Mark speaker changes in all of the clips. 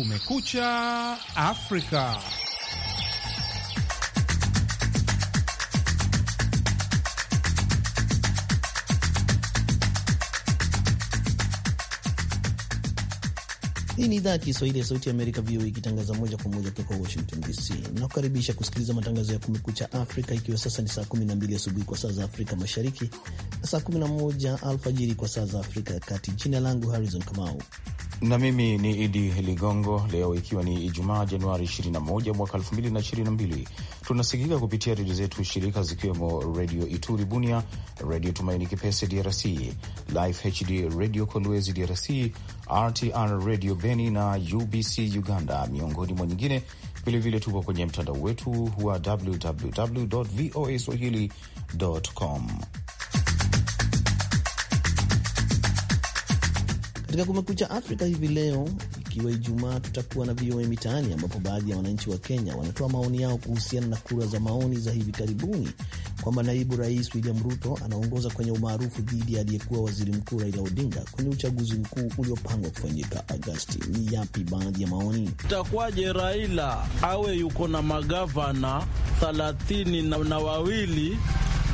Speaker 1: Kumekucha Afrika.
Speaker 2: Hii
Speaker 3: ni idhaa ya Kiswahili ya Sauti ya Amerika, VOA, ikitangaza moja kwa moja kutoka Washington DC. Nakukaribisha kusikiliza matangazo ya Kumekucha Afrika, ikiwa sasa ni saa 12 asubuhi kwa saa za Afrika Mashariki na saa 11 alfajiri kwa saa za Afrika ya Kati. Jina langu Harrison Kamau
Speaker 4: na mimi ni Idi Ligongo. Leo ikiwa ni Ijumaa, Januari 21 mwaka 2022, tunasikika kupitia redio zetu shirika zikiwemo Redio Ituri Bunia, Redio Tumaini Kipese DRC, Life HD Radio Kolwezi DRC, RTR Radio Beni na UBC Uganda, miongoni mwa nyingine. Vilevile tupo kwenye mtandao wetu wa www voa swahili com
Speaker 3: Katika Kumekucha Afrika hivi leo, ikiwa Ijumaa, tutakuwa na VOA Mitaani ambapo baadhi ya wananchi wa Kenya wanatoa maoni yao kuhusiana na kura za maoni za hivi karibuni kwamba naibu rais William Ruto anaongoza kwenye umaarufu dhidi ya aliyekuwa waziri mkuu Raila Odinga kwenye uchaguzi mkuu uliopangwa kufanyika Agasti. Ni yapi baadhi ya maoni?
Speaker 5: Itakuwaje Raila awe yuko na magavana thelathini na wawili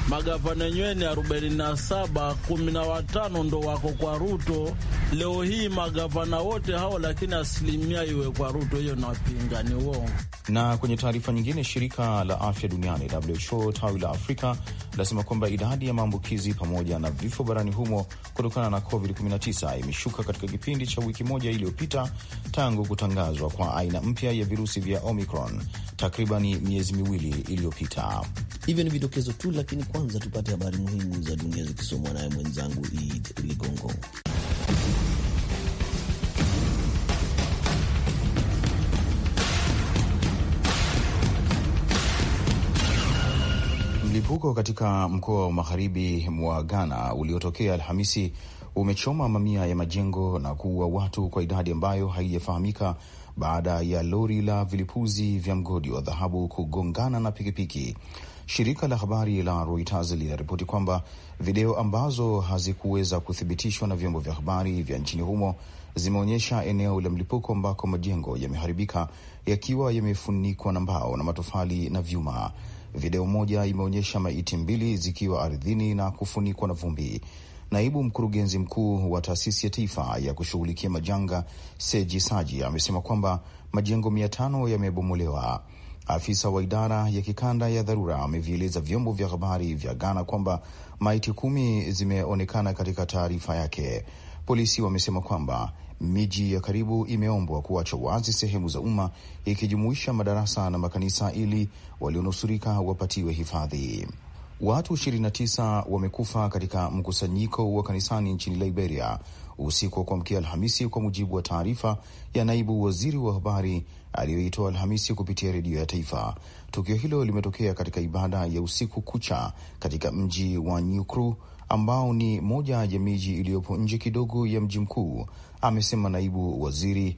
Speaker 5: magavana yenyewe ni 47, watano ndo wako kwa Ruto. Leo hii magavana wote hao, lakini asilimia iwe kwa Ruto, hiyo napinga, ni uongo.
Speaker 4: Na kwenye taarifa nyingine, shirika la afya duniani WHO tawi la Afrika linasema kwamba idadi ya maambukizi pamoja na vifo barani humo kutokana na COVID-19 imeshuka katika kipindi cha wiki moja iliyopita tangu kutangazwa kwa aina mpya ya virusi vya Omicron takribani miezi miwili iliyopita.
Speaker 3: Hivyo ni vidokezo tu, lakini kwanza tupate habari muhimu za dunia zikisomwa naye mwenzangu Id Ligongo.
Speaker 4: Mlipuko katika mkoa wa magharibi mwa Ghana uliotokea Alhamisi umechoma mamia ya majengo na kuua watu kwa idadi ambayo haijafahamika baada ya lori la vilipuzi vya mgodi wa dhahabu kugongana na pikipiki. Shirika la habari la Reuters linaripoti kwamba video ambazo hazikuweza kuthibitishwa na vyombo vya habari vya nchini humo zimeonyesha eneo la mlipuko ambako majengo yameharibika yakiwa yamefunikwa na mbao na matofali na vyuma. Video moja imeonyesha maiti mbili zikiwa ardhini na kufunikwa na vumbi. Naibu mkurugenzi mkuu wa taasisi ya taifa ya kushughulikia majanga Seji Saji amesema kwamba majengo mia tano yamebomolewa. Afisa wa idara ya kikanda ya dharura amevieleza vyombo vya habari vya Ghana kwamba maiti kumi zimeonekana katika taarifa yake. Polisi wamesema kwamba miji ya karibu imeombwa kuacha wazi sehemu za umma ikijumuisha madarasa na makanisa ili walionusurika wapatiwe hifadhi. Watu 29 wamekufa katika mkusanyiko wa kanisani nchini Liberia usiku wa kuamkia Alhamisi, kwa mujibu wa taarifa ya naibu waziri wa habari aliyoitoa Alhamisi kupitia redio ya taifa. Tukio hilo limetokea katika ibada ya usiku kucha katika mji wa Nyukru ambao ni moja ya miji iliyopo nje kidogo ya mji mkuu, amesema naibu waziri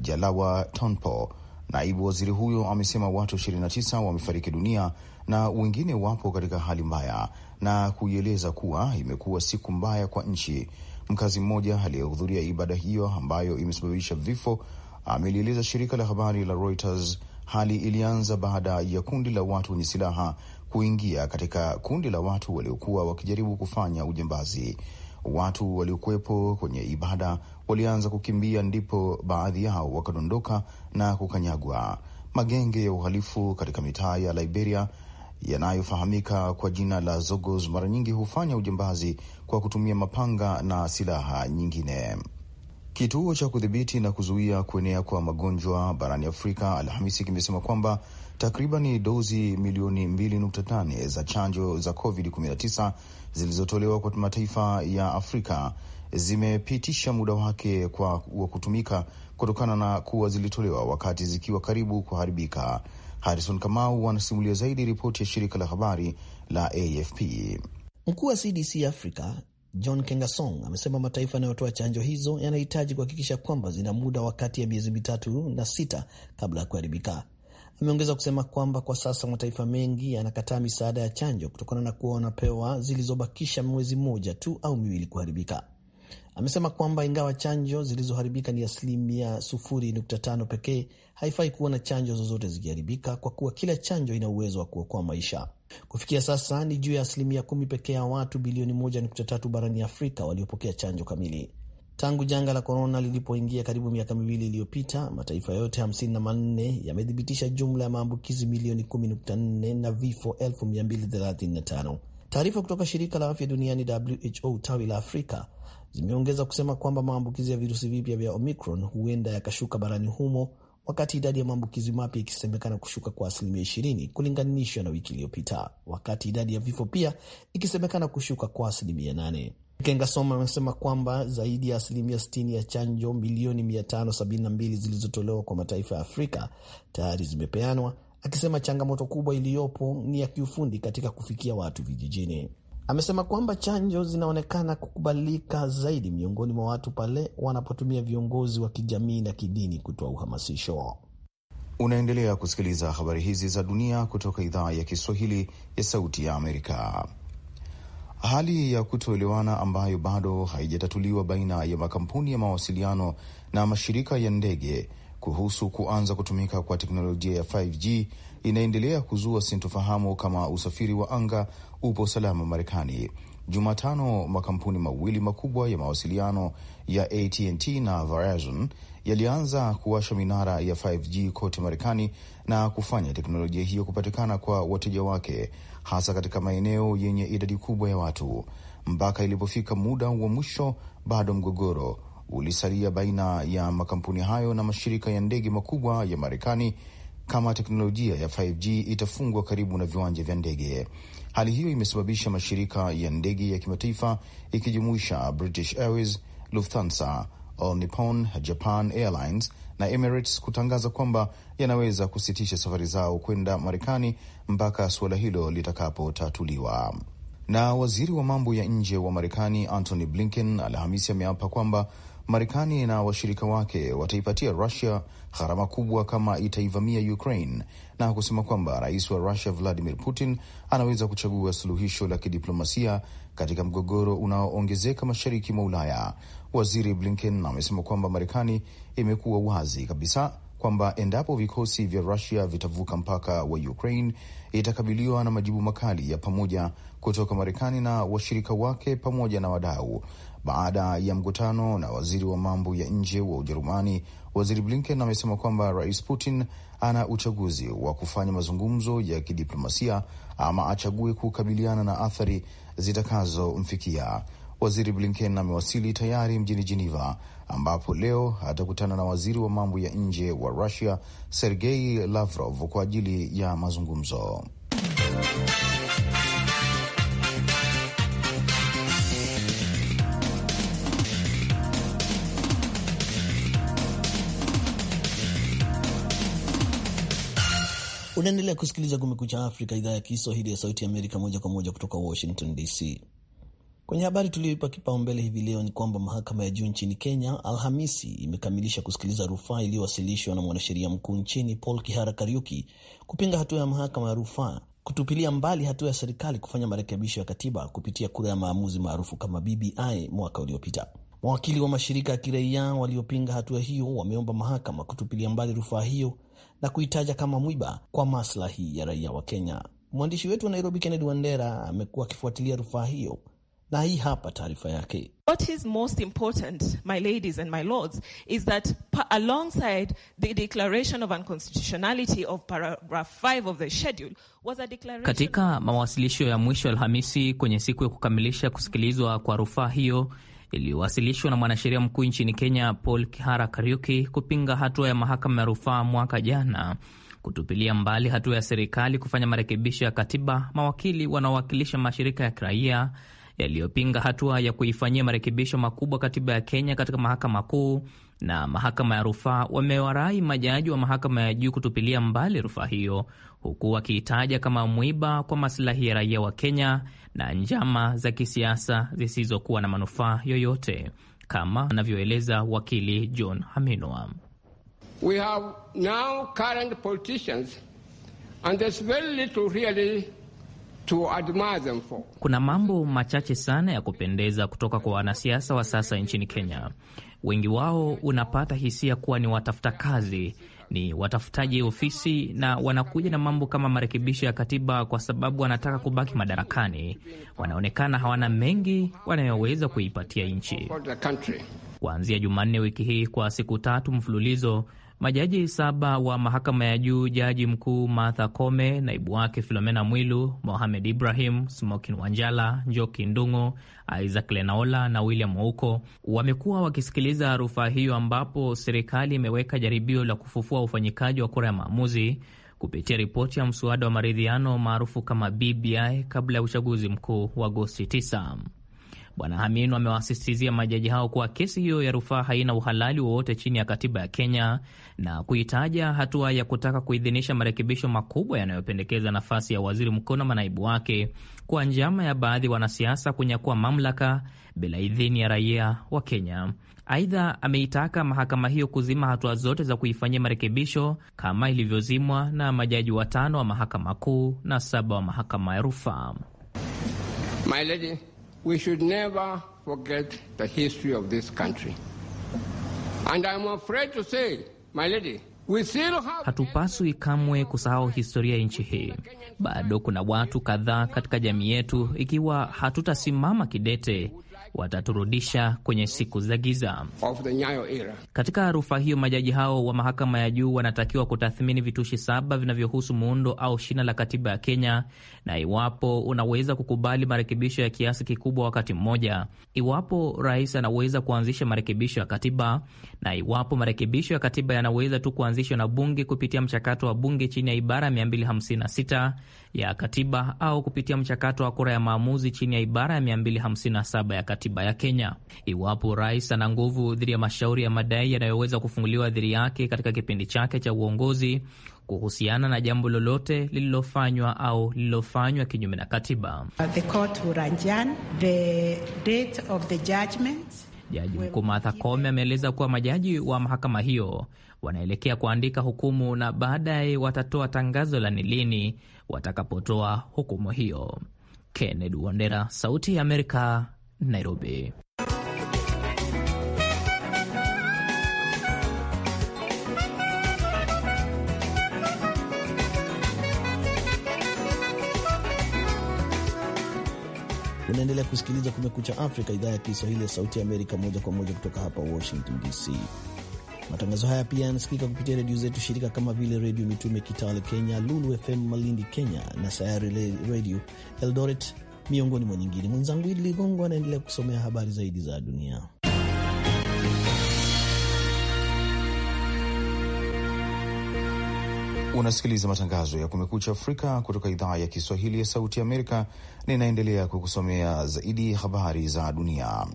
Speaker 4: Jalawa Tonpo. Naibu waziri huyo amesema watu 29 wamefariki dunia na wengine wapo katika hali mbaya, na kuieleza kuwa imekuwa siku mbaya kwa nchi. Mkazi mmoja aliyehudhuria ibada hiyo ambayo imesababisha vifo amelieleza shirika la habari la Reuters. Hali ilianza baada ya kundi la watu wenye silaha kuingia katika kundi la watu waliokuwa wakijaribu kufanya ujambazi. Watu waliokuwepo kwenye ibada walianza kukimbia, ndipo baadhi yao wakadondoka na kukanyagwa. Magenge ya uhalifu katika mitaa ya Liberia yanayofahamika kwa jina la Zogos mara nyingi hufanya ujambazi kwa kutumia mapanga na silaha nyingine. Kituo cha kudhibiti na kuzuia kuenea kwa magonjwa barani Afrika Alhamisi kimesema kwamba takribani dozi milioni 2.5 za chanjo za COVID-19 zilizotolewa kwa mataifa ya Afrika zimepitisha muda wake kwa wa kutumika kutokana na kuwa zilitolewa wakati zikiwa karibu kuharibika. Harrison Kamau anasimulia zaidi ripoti ya shirika la habari la AFP. Mkuu wa CDC Afrika
Speaker 3: John Kengasong amesema mataifa yanayotoa chanjo hizo yanahitaji kuhakikisha kwamba zina muda wa kati ya miezi mitatu na sita kabla ya kuharibika. Ameongeza kusema kwamba kwa sasa mataifa mengi yanakataa misaada ya chanjo kutokana na kuwa wanapewa zilizobakisha mwezi mmoja tu au miwili kuharibika. Amesema kwamba ingawa chanjo zilizoharibika ni asilimia 0.5 pekee, haifai kuona chanjo zozote zikiharibika kwa kuwa kila chanjo ina uwezo wa kuokoa maisha. Kufikia sasa ni juu ya asilimia kumi pekee ya watu bilioni 1.3 barani Afrika waliopokea chanjo kamili. Tangu janga la korona lilipoingia karibu miaka miwili iliyopita, mataifa yote 54 yamethibitisha jumla ya maambukizi milioni 10.4 na vifo 235,000. Taarifa kutoka shirika la afya duniani WHO tawi la Afrika zimeongeza kusema kwamba maambukizi ya virusi vipya vya Omicron huenda yakashuka barani humo wakati idadi ya maambukizi mapya ikisemekana kushuka kwa asilimia 20 kulinganishwa na wiki iliyopita, wakati idadi ya vifo pia ikisemekana kushuka kwa asilimia 8. Kengasoma amesema kwamba zaidi ya asilimia 60 ya chanjo milioni 572 zilizotolewa kwa mataifa ya Afrika tayari zimepeanwa, akisema changamoto kubwa iliyopo ni ya kiufundi katika kufikia watu vijijini. Amesema kwamba chanjo zinaonekana kukubalika zaidi miongoni mwa watu pale wanapotumia viongozi wa kijamii na kidini
Speaker 4: kutoa uhamasisho. Unaendelea kusikiliza habari hizi za dunia kutoka idhaa ya Kiswahili ya Sauti ya Amerika. Hali ya kutoelewana ambayo bado haijatatuliwa baina ya makampuni ya mawasiliano na mashirika ya ndege kuhusu kuanza kutumika kwa teknolojia ya 5G inaendelea kuzua sintofahamu kama usafiri wa anga upo salama Marekani. Jumatano, makampuni mawili makubwa ya mawasiliano ya ATNT na Verizon yalianza kuwasha minara ya 5G kote Marekani na kufanya teknolojia hiyo kupatikana kwa wateja wake, hasa katika maeneo yenye idadi kubwa ya watu. Mpaka ilipofika muda wa mwisho, bado mgogoro ulisalia baina ya makampuni hayo na mashirika ya ndege makubwa ya Marekani kama teknolojia ya 5G itafungwa karibu na viwanja vya ndege. Hali hiyo imesababisha mashirika ya ndege ya kimataifa ikijumuisha British Airways, Lufthansa, All Nippon, Japan Airlines na Emirates kutangaza kwamba yanaweza kusitisha safari zao kwenda Marekani mpaka suala hilo litakapotatuliwa. Na waziri wa mambo ya nje wa Marekani Antony Blinken Alhamisi ameapa kwamba Marekani na washirika wake wataipatia Rusia gharama kubwa kama itaivamia Ukraine, na kusema kwamba rais wa Rusia Vladimir Putin anaweza kuchagua suluhisho la kidiplomasia katika mgogoro unaoongezeka mashariki mwa Ulaya. Waziri Blinken amesema kwamba Marekani imekuwa wazi kabisa kwamba endapo vikosi vya Rusia vitavuka mpaka wa Ukraine itakabiliwa na majibu makali ya pamoja kutoka Marekani na washirika wake pamoja na wadau. Baada ya mkutano na waziri wa mambo ya nje wa Ujerumani, waziri Blinken amesema kwamba rais Putin ana uchaguzi wa kufanya mazungumzo ya kidiplomasia ama achague kukabiliana na athari zitakazomfikia. Waziri Blinken amewasili tayari mjini Jeneva ambapo leo atakutana na waziri wa mambo ya nje wa Rusia Sergei Lavrov kwa ajili ya mazungumzo.
Speaker 3: Unaendelea kusikiliza Kumekucha Afrika, idhaa ya Kiswahili ya Sauti ya Amerika, moja kwa moja kutoka Washington DC. Kwenye habari tuliyoipa kipaumbele hivi leo ni kwamba mahakama ya juu nchini Kenya Alhamisi imekamilisha kusikiliza rufaa iliyowasilishwa na mwanasheria mkuu nchini Paul Kihara Kariuki kupinga hatua ya mahakama ya rufaa kutupilia mbali hatua ya serikali kufanya marekebisho ya katiba kupitia kura ya maamuzi maarufu kama BBI mwaka uliopita. Mawakili wa mashirika ya kiraia waliopinga hatua hiyo wameomba mahakama kutupilia mbali rufaa hiyo na kuitaja kama mwiba kwa maslahi ya raia wa Kenya. Mwandishi wetu wa Nairobi Kennedy Wandera amekuwa akifuatilia rufaa hiyo na hii hapa taarifa yake.
Speaker 1: What is most important, my ladies and my lords, is that alongside the declaration of unconstitutionality of paragraph 5 of the schedule was a declaration... Katika mawasilisho ya mwisho Alhamisi kwenye siku ya kukamilisha kusikilizwa kwa rufaa hiyo iliyowasilishwa na mwanasheria mkuu nchini Kenya Paul Kihara Kariuki kupinga hatua ya mahakama ya rufaa mwaka jana kutupilia mbali hatua ya serikali kufanya marekebisho ya katiba, mawakili wanaowakilisha mashirika ya kiraia yaliyopinga hatua ya kuifanyia marekebisho makubwa katiba ya Kenya katika mahakama kuu na mahakama ya rufaa wamewarai majaji wa mahakama ya juu kutupilia mbali rufaa hiyo, huku wakiitaja kama mwiba kwa masilahi ya raia wa Kenya na njama za kisiasa zisizokuwa na manufaa yoyote, kama anavyoeleza wakili John Haminwa.
Speaker 6: We have now current politicians and there's very little really To admire them for.
Speaker 1: Kuna mambo machache sana ya kupendeza kutoka kwa wanasiasa wa sasa nchini Kenya. Wengi wao unapata hisia kuwa ni watafuta kazi, ni watafutaji ofisi, na wanakuja na mambo kama marekebisho ya katiba kwa sababu wanataka kubaki madarakani. Wanaonekana hawana mengi wanayoweza kuipatia nchi. Kuanzia Jumanne wiki hii kwa siku tatu mfululizo Majaji saba wa mahakama ya juu, jaji mkuu Martha come naibu wake Filomena Mwilu, Mohamed Ibrahim, Smokin Wanjala, Njoki Ndungo, Isaac Lenaola na William Ouko wamekuwa wakisikiliza rufaa hiyo, ambapo serikali imeweka jaribio la kufufua ufanyikaji wa kura ya maamuzi kupitia ripoti ya mswada wa maridhiano maarufu kama BBI kabla ya uchaguzi mkuu wa Agosti 9. Bwana Hamino amewasisitizia majaji hao kuwa kesi hiyo ya rufaa haina uhalali wowote chini ya katiba ya Kenya na kuitaja hatua ya kutaka kuidhinisha marekebisho makubwa yanayopendekeza nafasi ya waziri mkuu na manaibu wake kwa njama ya baadhi wanasiasa kunyakua mamlaka bila idhini ya raia wa Kenya. Aidha, ameitaka mahakama hiyo kuzima hatua zote za kuifanyia marekebisho kama ilivyozimwa na majaji watano wa mahakama kuu na saba wa mahakama ya rufaa
Speaker 2: we should never
Speaker 6: forget the history of this country. And I'm afraid to say, my lady, we still have...
Speaker 1: Hatupaswi kamwe kusahau historia ya nchi hii. Bado kuna watu kadhaa katika jamii yetu, ikiwa hatutasimama kidete, wataturudisha kwenye siku za giza. Katika rufaa hiyo, majaji hao wa mahakama ya juu wanatakiwa kutathmini vitushi saba vinavyohusu muundo au shina la katiba ya Kenya na iwapo unaweza kukubali marekebisho ya kiasi kikubwa wakati mmoja, iwapo rais anaweza kuanzisha marekebisho ya katiba na iwapo marekebisho ya katiba yanaweza tu kuanzishwa na bunge kupitia mchakato wa bunge chini ya ibara 256 ya katiba au kupitia mchakato wa kura ya maamuzi chini ya ibara ya 257 ya katiba ya Kenya. Iwapo rais ana nguvu dhidi ya mashauri ya madai yanayoweza kufunguliwa dhidi yake katika kipindi chake cha uongozi kuhusiana na jambo lolote lililofanywa au lililofanywa kinyume na katiba. Jaji mkuu Martha Koome ameeleza kuwa majaji wa mahakama hiyo wanaelekea kuandika hukumu na baadaye watatoa tangazo la ni lini watakapotoa hukumu hiyo. Kennedy Wandera, Sauti ya Amerika, Nairobi.
Speaker 3: Unaendelea kusikiliza Kumekucha Afrika, idhaa ya Kiswahili ya Sauti ya Amerika, moja kwa moja kutoka hapa Washington DC. Matangazo haya pia yanasikika kupitia redio zetu shirika kama vile Redio Mitume Kitale Kenya, Lulu FM Malindi Kenya na Sayari Redio Eldoret, miongoni mwa nyingine. Mwenzangu Idi Ligongo anaendelea kusomea habari
Speaker 4: zaidi za dunia. Unasikiliza matangazo ya Kumekucha Afrika kutoka idhaa ya Kiswahili ya Sauti Amerika. Ninaendelea kukusomea zaidi habari za dunia.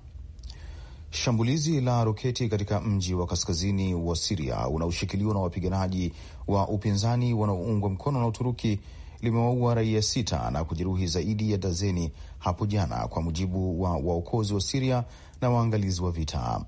Speaker 4: Shambulizi la roketi katika mji wa kaskazini wa Siria unaoshikiliwa na wapiganaji wa upinzani wanaoungwa mkono na Uturuki limewaua raia sita na kujeruhi zaidi ya dazeni hapo jana, kwa mujibu wa waokozi wa Siria na waangalizi wa vita.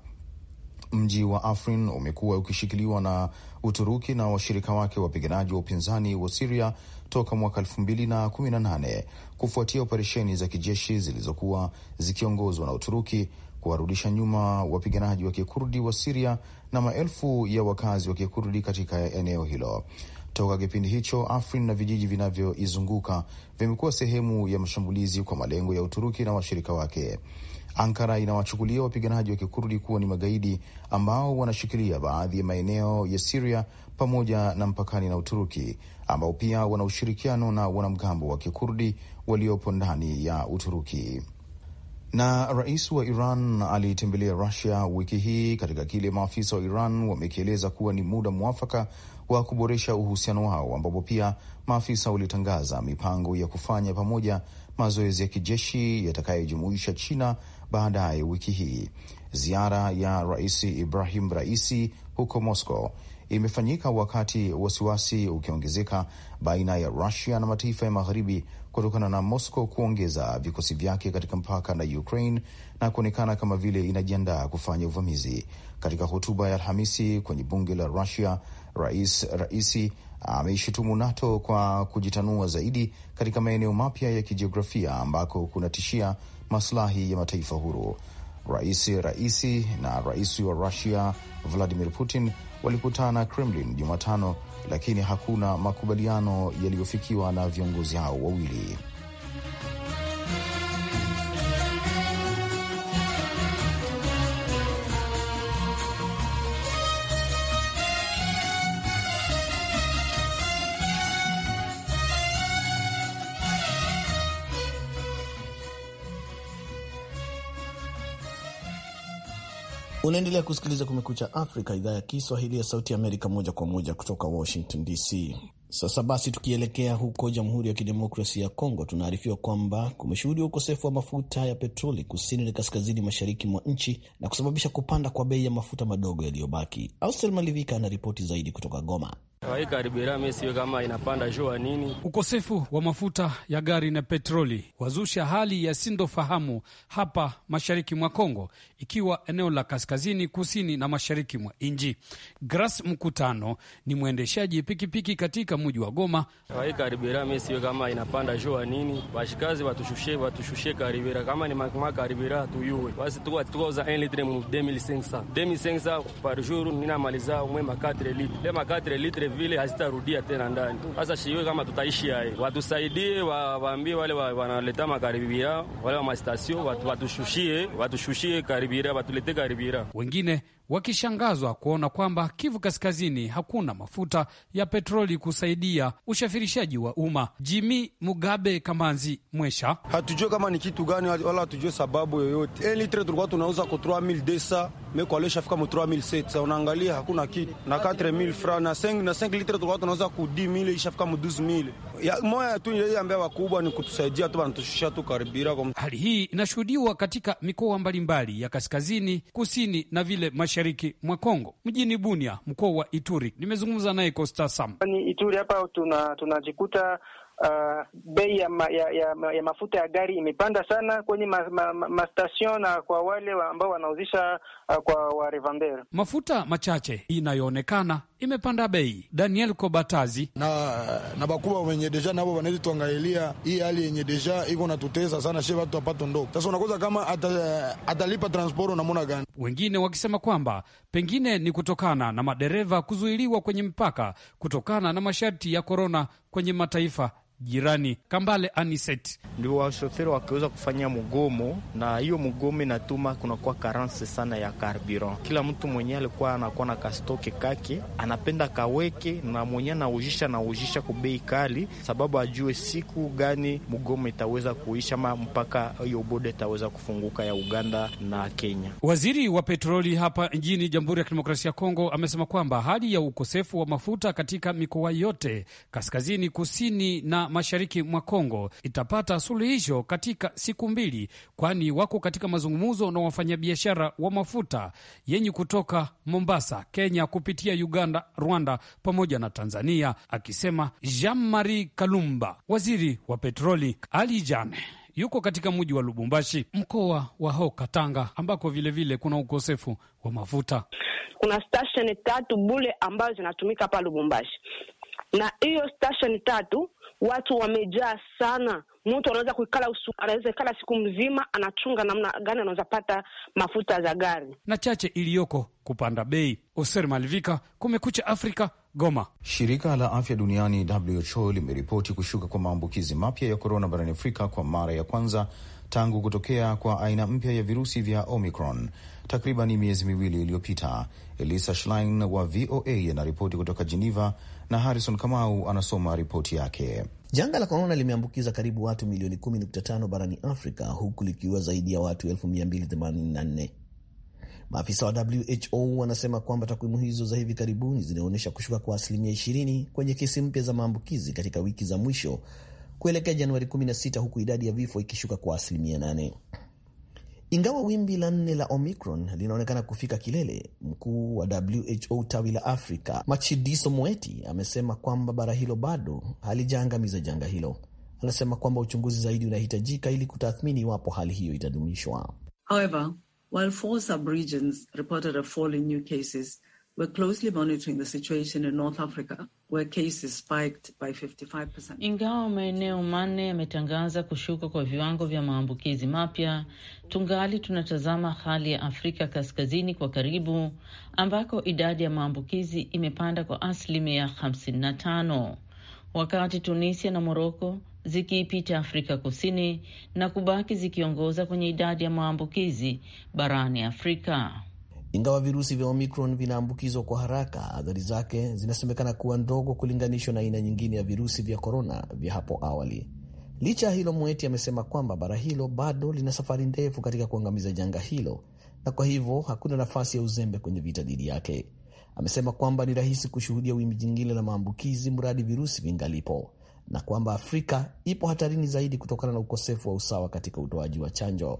Speaker 4: Mji wa Afrin umekuwa ukishikiliwa na Uturuki na washirika wake wapiganaji wa upinzani wa Siria toka mwaka elfu mbili na kumi na nane kufuatia operesheni za kijeshi zilizokuwa zikiongozwa na Uturuki kuwarudisha nyuma wapiganaji wa kikurdi wa Siria na maelfu ya wakazi wa kikurdi katika eneo hilo. Toka kipindi hicho, Afrin na vijiji vinavyoizunguka vimekuwa sehemu ya mashambulizi kwa malengo ya Uturuki na washirika wake. Ankara inawachukulia wapiganaji wa kikurdi kuwa ni magaidi ambao wanashikilia baadhi ya maeneo ya Siria pamoja na mpakani na Uturuki, ambao pia wana ushirikiano na wanamgambo wa kikurdi waliopo ndani ya Uturuki. Na rais wa Iran aliitembelea Rusia wiki hii katika kile maafisa wa Iran wamekieleza kuwa ni muda mwafaka wa kuboresha uhusiano wao, ambapo pia maafisa walitangaza mipango ya kufanya pamoja mazoezi ya kijeshi yatakayojumuisha China baadaye wiki hii. Ziara ya Rais Ibrahim Raisi huko Moscow imefanyika wakati wasiwasi ukiongezeka baina ya Rusia na mataifa ya Magharibi kutokana na Moscow kuongeza vikosi vyake katika mpaka na Ukraine na kuonekana kama vile inajiandaa kufanya uvamizi. Katika hotuba ya Alhamisi kwenye bunge la Rusia, rais Raisi ameishutumu NATO kwa kujitanua zaidi katika maeneo mapya ya kijiografia ambako kunatishia maslahi ya mataifa huru. Rais Raisi na rais wa Rusia Vladimir Putin walikutana Kremlin Jumatano, lakini hakuna makubaliano yaliyofikiwa na viongozi hao wawili.
Speaker 3: Unaendelea kusikiliza Kumekucha Afrika, idhaa ya Kiswahili ya Sauti Amerika, moja kwa moja kutoka Washington DC. Sasa basi, tukielekea huko Jamhuri ya Kidemokrasia ya Kongo, tunaarifiwa kwamba kumeshuhudiwa ukosefu wa mafuta ya petroli kusini na kaskazini mashariki mwa nchi na kusababisha kupanda kwa bei ya mafuta madogo yaliyobaki. Austel Malivika anaripoti
Speaker 5: zaidi kutoka Goma. Hii karibira kama inapanda jua nini.
Speaker 6: Ukosefu wa mafuta ya gari na petroli wazusha hali ya hapa mashariki mwa Kongo, ikiwa eneo la kaskazini, kusini na mashariki mwa nji. gras Mkutano ni mwendeshaji pikipiki katika muji wa Goma.
Speaker 5: Hii karibira kama inapanda jua nini. Washikazi watushushe, watushushe karibira kama ni makuma karibira Basi litre mu 2500. 2500 par jour ninamaliza mwema 4 litre. 4 litre vile hazitarudia tena ndani. Sasa shiwe kama tutaishi hai, watusaidie, waambie wale wanaleta makaribira wale wa mastasio, watushushie, watushushie karibira, watulete karibira
Speaker 6: wengine wakishangazwa kuona kwamba Kivu Kaskazini hakuna mafuta ya petroli kusaidia ushafirishaji wa umma. Jimi Mugabe Kamanzi Mwesha:
Speaker 7: hatujue kama ni kitu gani, wala hatujue sababu yoyote. Litre tulikuwa tunauza ko 3000 ku 3200 fika mu 3700, unaangalia hakuna kitu na 4000 fra na 5 na 5 litre tulikuwa tunauza ku 10000 isha fika mu 12000. Moya tu ile ambia
Speaker 6: wakubwa ni kutusaidia tu, banatushusha tu karibira. Hali hii inashuhudiwa katika mikoa mbalimbali ya kaskazini, kusini na vile mash mashariki mwa Kongo, mjini Bunia, mkoa wa Ituri. Nimezungumza naye Costa Sam.
Speaker 2: Ituri hapa tunajikuta tuna uh, bei ya, ma, ya, ya, ya mafuta ya gari imepanda sana kwenye mastation ma, ma, na kwa wale ambao wanauzisha uh, kwa warevander
Speaker 6: mafuta machache inayoonekana imepanda bei. Daniel Kobatazi na na bakubwa wenye deja nabo wanaweza tuangalia
Speaker 7: hii hali yenye deja iko natutesa sana, she watu wapato ndogo. sasa unakosa kama ata, atalipa
Speaker 6: transport unamwona gani? Wengine wakisema kwamba pengine ni kutokana na madereva kuzuiliwa kwenye mpaka kutokana na masharti ya korona kwenye mataifa jirani. Kambale Aniset ndio washoferi wakiweza kufanya mgomo, na hiyo mgomo inatuma
Speaker 1: kunakuwa karansi sana ya karburant. Kila mtu mwenyewe alikuwa anakuwa na kastoke kake anapenda kaweke, na mwenyewe anaujisha naujisha kubei kali, sababu ajue siku
Speaker 7: gani mgomo itaweza kuisha, ma mpaka hiyo boda itaweza kufunguka ya Uganda na Kenya.
Speaker 6: Waziri wa petroli hapa nchini Jamhuri ya Kidemokrasia ya Kongo amesema kwamba hali ya ukosefu wa mafuta katika mikoa yote kaskazini, kusini na mashariki mwa Kongo itapata suluhisho katika siku mbili, kwani wako katika mazungumzo na wafanyabiashara wa mafuta yenye kutoka Mombasa, Kenya, kupitia Uganda, Rwanda pamoja na Tanzania, akisema Jean Marie Kalumba, waziri wa petroli. Ali Jane yuko katika mji wa Lubumbashi, mkoa wa Hoka Tanga, ambako vilevile vile kuna ukosefu wa mafuta.
Speaker 1: Kuna station tatu bule ambazo zinatumika hapa Lubumbashi, na hiyo station tatu watu wamejaa sana. Mtu anaweza kuikala anaweza ikala siku mzima, anachunga namna gani anaweza pata
Speaker 6: mafuta za gari na chache iliyoko kupanda bei. Oser Malivika, Kumekucha Afrika, Goma.
Speaker 4: Shirika la afya duniani WHO limeripoti kushuka kwa maambukizi mapya ya korona barani Afrika kwa mara ya kwanza tangu kutokea kwa aina mpya ya virusi vya Omicron takriban miezi miwili iliyopita. Elisa Schlein wa VOA anaripoti kutoka Geneva na Harrison Kamau anasoma ripoti yake. Janga la korona limeambukiza
Speaker 3: karibu watu milioni 10.5 barani Afrika, huku likiwa zaidi ya watu 284 Maafisa wa WHO wanasema kwamba takwimu hizo za hivi karibuni zinaonyesha kushuka kwa asilimia 20 kwenye kesi mpya za maambukizi katika wiki za mwisho kuelekea Januari 16, huku idadi ya vifo ikishuka kwa asilimia 8. Ingawa wimbi la nne la Omicron linaonekana kufika kilele, mkuu wa WHO tawi la Afrika machidiso Moeti amesema kwamba bara hilo bado halijaangamiza janga hilo. Anasema kwamba uchunguzi zaidi unahitajika ili kutathmini iwapo hali hiyo itadumishwa.
Speaker 6: However,
Speaker 5: while four sub-regions reported a fall in new cases
Speaker 1: ingawa maeneo manne yametangaza kushuka kwa viwango vya maambukizi mapya, tungali tunatazama hali ya Afrika Kaskazini kwa karibu, ambako idadi ya maambukizi imepanda kwa asilimia 55 wakati Tunisia na Moroko zikiipita Afrika Kusini na kubaki zikiongoza kwenye idadi ya maambukizi barani Afrika.
Speaker 3: Ingawa virusi vya Omicron vinaambukizwa kwa haraka, athari zake zinasemekana kuwa ndogo kulinganishwa na aina nyingine ya virusi vya korona vya hapo awali. Licha ya hilo, mweti amesema kwamba bara hilo bado lina safari ndefu katika kuangamiza janga hilo na kwa hivyo hakuna nafasi ya uzembe kwenye vita dhidi yake. Amesema kwamba ni rahisi kushuhudia wimbi jingine la maambukizi mradi virusi vingalipo na kwamba Afrika ipo hatarini zaidi kutokana na ukosefu wa usawa katika utoaji wa chanjo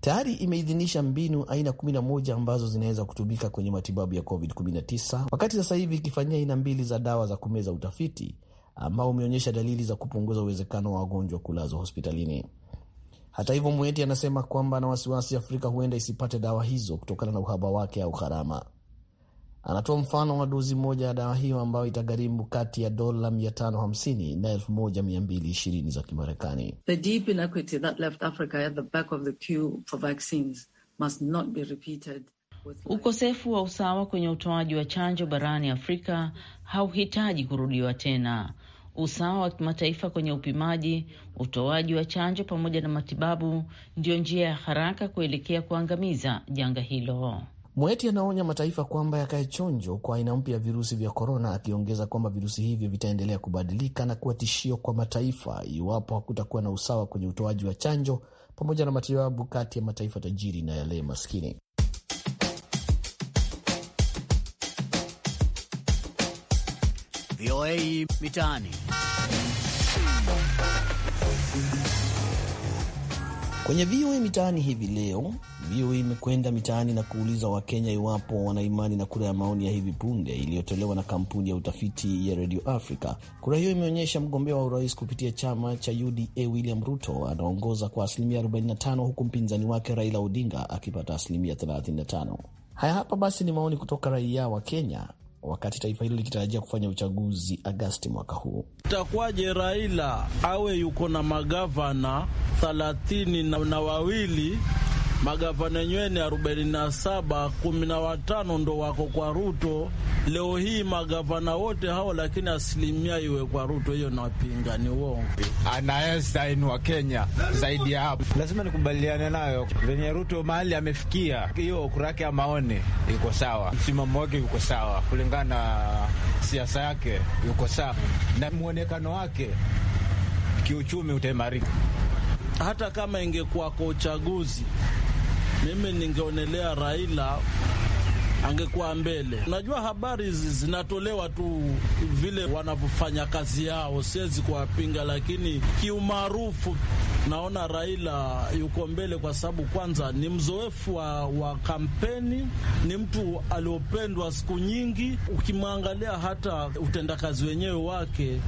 Speaker 3: tayari imeidhinisha mbinu aina 11 ambazo zinaweza kutumika kwenye matibabu ya COVID-19, wakati sasa hivi ikifanyia aina mbili za dawa za kumeza utafiti ambao umeonyesha dalili za kupunguza uwezekano wa wagonjwa kulazwa hospitalini. Hata hivyo, Mweti anasema kwamba na wasiwasi Afrika huenda isipate dawa hizo kutokana na uhaba wake au gharama. Anatoa mfano wa dozi moja ya dawa hiyo ambayo itagharimu kati ya dola 550 na 1220 za
Speaker 5: Kimarekani.
Speaker 1: Ukosefu wa usawa kwenye utoaji wa chanjo barani Afrika hauhitaji kurudiwa tena. Usawa wa kimataifa kwenye upimaji, utoaji wa chanjo pamoja na matibabu ndiyo njia ya haraka kuelekea kuangamiza janga hilo
Speaker 3: mweti anaonya mataifa kwamba yakae chonjo kwa aina mpya ya virusi vya korona, akiongeza kwamba virusi hivyo vitaendelea kubadilika na kuwa tishio kwa mataifa iwapo hakutakuwa na usawa kwenye utoaji wa chanjo pamoja na matibabu kati ya mataifa tajiri na yale maskini. VOA Mitaani. Kwenye VOA Mitaani hivi leo VOA imekwenda mitaani na kuuliza Wakenya iwapo wanaimani na kura ya maoni ya hivi punde iliyotolewa na kampuni ya utafiti ya Radio Africa. Kura hiyo imeonyesha mgombea wa urais kupitia chama cha UDA William Ruto anaongoza kwa asilimia 45 huku mpinzani wake Raila Odinga akipata asilimia 35. Haya hapa basi ni maoni kutoka raia wa Kenya wakati taifa hilo likitarajia kufanya uchaguzi Agasti mwaka huu.
Speaker 5: Itakuwaje Raila awe yuko na magavana thelathini na wawili magavana yenyewe ni na watano ndo wako kwa Ruto. Leo hii magavana wote hao, lakini asilimia iwe kwa Ruto, hiyo napinga, ni uongo. Anayesaini wa Kenya zaidi ya hapo, lazima nikubaliane nayo venye Ruto mahali amefikia, hiyo ukura yake ya maoni iko sawa, msimamo wake uko sawa, kulingana na siasa yake yuko sawa, na mwonekano wake kiuchumi utaimarika hata kama ingekuwa kwa uchaguzi mimi ningeonelea Raila angekuwa mbele. Unajua, habari zinatolewa tu vile wanavyofanya kazi yao, siwezi kuwapinga, lakini kiumaarufu naona Raila yuko mbele kwa sababu kwanza ni mzoefu wa, wa kampeni, ni mtu aliopendwa siku nyingi. Ukimwangalia hata utendakazi wenyewe wake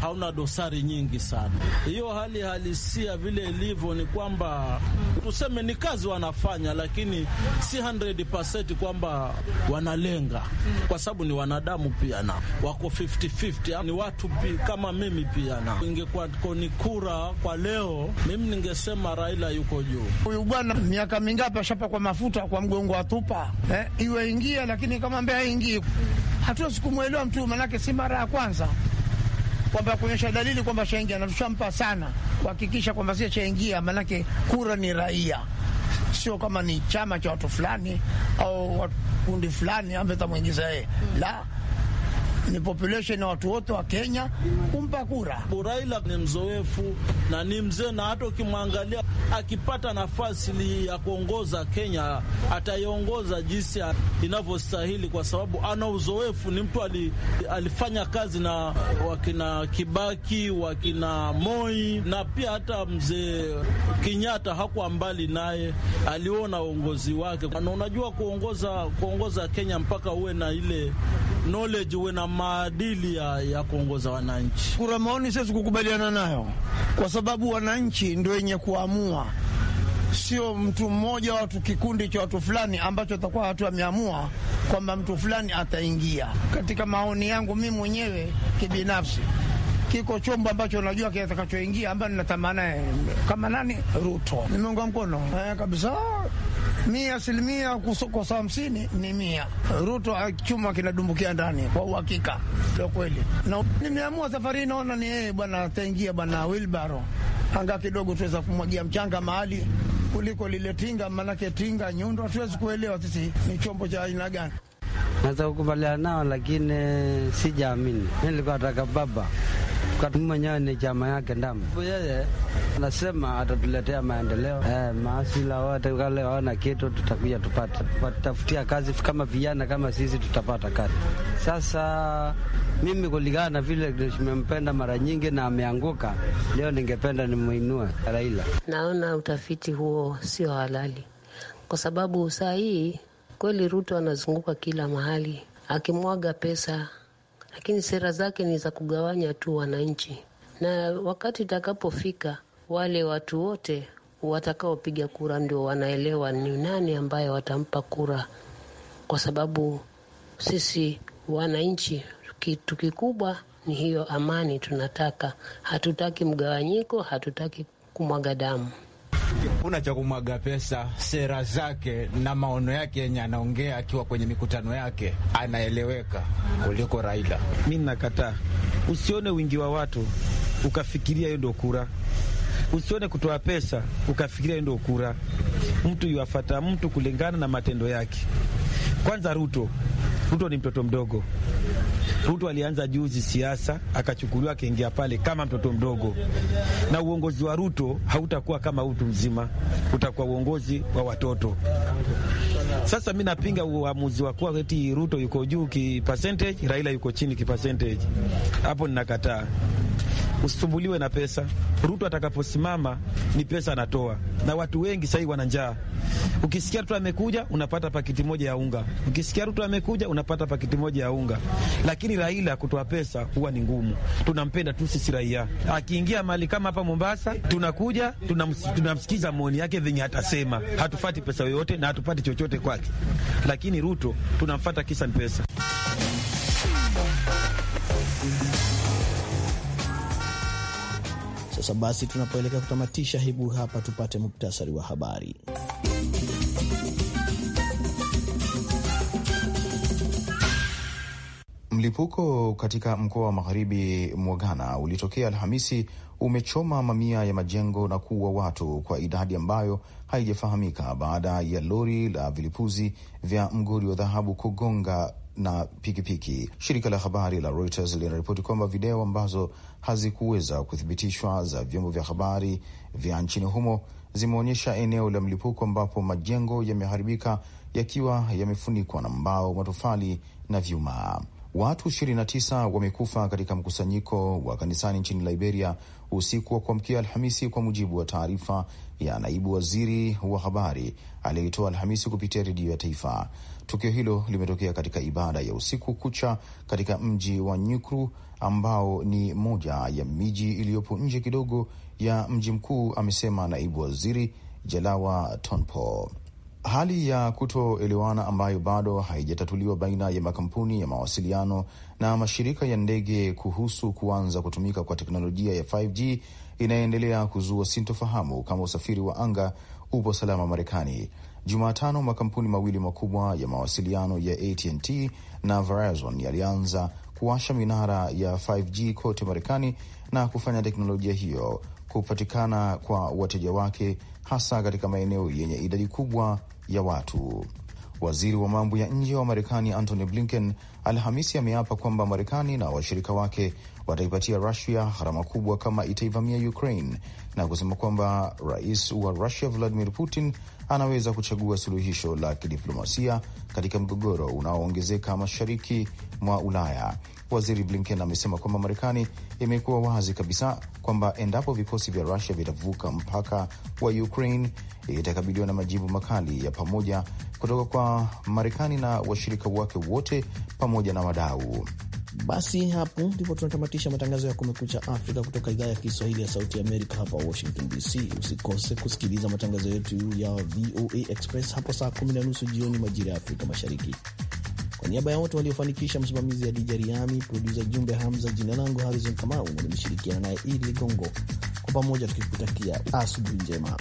Speaker 5: hauna dosari nyingi sana. Hiyo hali halisia vile ilivyo ni kwamba tuseme ni kazi wanafanya, lakini si 100% kwamba wanalenga kwa sababu ni wanadamu pia na wako 50-50, ni watu pi, kama mimi pia na ingekuwa ni kura kwa leo, mimi ningesema Raila yuko juu.
Speaker 2: Huyu bwana miaka mingapi ashapa kwa mafuta kwa mgongo atupa, eh, iwe ingia, lakini kama mbea ingii, hatuwezi kumwelewa mtu, manake si mara ya kwanza kwamba kuonyesha dalili kwamba shaingia na tushampa sana kuhakikisha kwamba sie chaingia, manake kura ni raia sio kama ni chama cha watu fulani au kundi fulani ambaye tamwingiza yeye mm. la ni population ya watu wote wa Kenya kumpa kura. uraila ni mzoefu
Speaker 5: na ni mzee, na hata ukimwangalia akipata nafasi ya kuongoza Kenya ataiongoza jinsi inavyostahili, kwa sababu ana uzoefu. Ni mtu alifanya kazi na wakina Kibaki, wakina Moi na pia hata mzee Kenyatta hakuwa mbali naye, aliona uongozi wake, na unajua kuongoza kuongoza Kenya mpaka uwe na ile knowledge,
Speaker 2: uwe na maadili ya, ya kuongoza wananchi. Kura maoni siwezi kukubaliana nayo, kwa sababu wananchi ndio wenye kuamua, sio mtu mmoja, watu kikundi cha watu fulani ambacho atakuwa watu wameamua kwamba mtu fulani ataingia. Katika maoni yangu mi mwenyewe kibinafsi kiko chombo ambacho najua kitakachoingia ambayo ninatamanae kama nani Ruto nimeunga mkono eh, kabisa mia asilimia saa hamsini ni mia. Ruto chuma kinadumbukia ndani kwa uhakika, ndio kweli, na nimeamua safari hii, naona ni yeye bwana ataingia bwana Wilbaro anga kidogo, tuweza kumwagia mchanga mahali kuliko lile tinga, maanake tinga nyundo hatuwezi kuelewa sisi ni chombo cha aina gani.
Speaker 7: Naweza kukubaliana nao, lakini sijaamini. Nilikuwa nataka baba mwenyewe ni chama yake ndama, yeye anasema atatuletea maendeleo eh, maasila wote wale waona kitu, tutakuja tupata watafutia kazi kama vijana kama sisi tutapata kazi. Sasa mimi kulingana na vile nimempenda mara nyingi na ameanguka leo, ningependa nimuinue Raila.
Speaker 1: Naona utafiti huo sio halali kwa sababu saa hii kweli Ruto anazunguka kila mahali akimwaga pesa lakini sera zake ni za kugawanya tu wananchi, na wakati itakapofika wale watu wote watakaopiga kura ndio wanaelewa ni nani ambaye watampa kura, kwa sababu sisi wananchi kitu kikubwa ni hiyo amani tunataka. Hatutaki mgawanyiko, hatutaki kumwaga damu
Speaker 5: kuna cha kumwaga pesa. Sera zake na maono yake yenye anaongea akiwa kwenye mikutano yake anaeleweka
Speaker 7: kuliko Raila. Mi nakataa, usione wingi wa watu ukafikiria hiyo ndio kura, usione kutoa pesa ukafikiria hiyo ndio kura. Mtu yuafata mtu kulingana na matendo yake. Kwanza Ruto, Ruto ni mtoto mdogo, Ruto alianza juzi siasa, akachukuliwa akaingia pale kama mtoto mdogo, na uongozi wa Ruto hautakuwa kama utu mzima, utakuwa uongozi wa watoto. Sasa mi napinga uamuzi wa kuwa eti Ruto yuko juu ki percentage, Raila yuko chini ki percentage. Hapo ninakataa usisumbuliwe na pesa. Ruto atakaposimama ni pesa anatoa, na watu wengi sahii wana njaa. Ukisikia Ruto amekuja unapata pakiti moja ya unga, ukisikia Ruto amekuja unapata pakiti moja ya unga. Lakini Raila kutoa pesa huwa ni ngumu. Tunampenda tu sisi raia, akiingia mali kama hapa Mombasa tunakuja tunamsikiza maoni yake venye atasema, hatufati pesa yoyote na hatupati chochote kwake, lakini Ruto tunamfata kisa ni pesa. Sasa basi,
Speaker 3: tunapoelekea kutamatisha, hebu hapa tupate muktasari wa habari.
Speaker 4: Mlipuko katika mkoa wa magharibi mwa Ghana ulitokea Alhamisi umechoma mamia ya majengo na kuua watu kwa idadi ambayo haijafahamika baada ya lori la vilipuzi vya mgodi wa dhahabu kugonga na pikipiki. Shirika la habari la Reuters linaripoti kwamba video ambazo hazikuweza kuthibitishwa za vyombo vya habari vya nchini humo zimeonyesha eneo la mlipuko ambapo majengo yameharibika yakiwa yamefunikwa na mbao, matofali na vyuma. Watu 29 wamekufa katika mkusanyiko wa kanisani nchini Liberia usiku wa kuamkia Alhamisi, kwa mujibu wa taarifa ya naibu waziri wa habari aliyeitoa Alhamisi kupitia redio ya taifa. Tukio hilo limetokea katika ibada ya usiku kucha katika mji wa Nyukru ambao ni moja ya miji iliyopo nje kidogo ya mji mkuu, amesema naibu waziri Jelawa Tonpo. Hali ya kutoelewana ambayo bado haijatatuliwa baina ya makampuni ya mawasiliano na mashirika ya ndege kuhusu kuanza kutumika kwa teknolojia ya 5G inaendelea kuzua sintofahamu kama usafiri wa anga upo salama Marekani. Jumatano makampuni mawili makubwa ya mawasiliano ya AT&T na Verizon yalianza kuwasha minara ya 5G kote Marekani na kufanya teknolojia hiyo kupatikana kwa wateja wake hasa katika maeneo yenye idadi kubwa ya watu. Waziri wa mambo ya nje wa Marekani Antony Blinken Alhamisi ameapa kwamba Marekani na washirika wake wataipatia Rusia gharama kubwa kama itaivamia Ukraine na kusema kwamba rais wa Rusia Vladimir Putin anaweza kuchagua suluhisho la kidiplomasia katika mgogoro unaoongezeka mashariki mwa Ulaya. Waziri Blinken amesema kwamba Marekani imekuwa wazi kabisa kwamba endapo vikosi vya Rusia vitavuka mpaka wa Ukraine itakabiliwa na majibu makali ya pamoja kutoka kwa Marekani na washirika wake wote pamoja na wadau. Basi hapo ndipo tunatamatisha matangazo ya Kumekucha Afrika kutoka idhaa ya Kiswahili ya Sauti Amerika
Speaker 3: hapa Washington DC. Usikose kusikiliza matangazo yetu ya VOA Express hapo saa kumi na nusu jioni majira ya Afrika Mashariki. Kwa niaba ya wote waliofanikisha, msimamizi Adija Riami, produsa Jumbe Hamza, jina langu Harizon Kamau na nimeshirikiana naye Ili Ligongo, kwa pamoja tukikutakia asubuhi njema.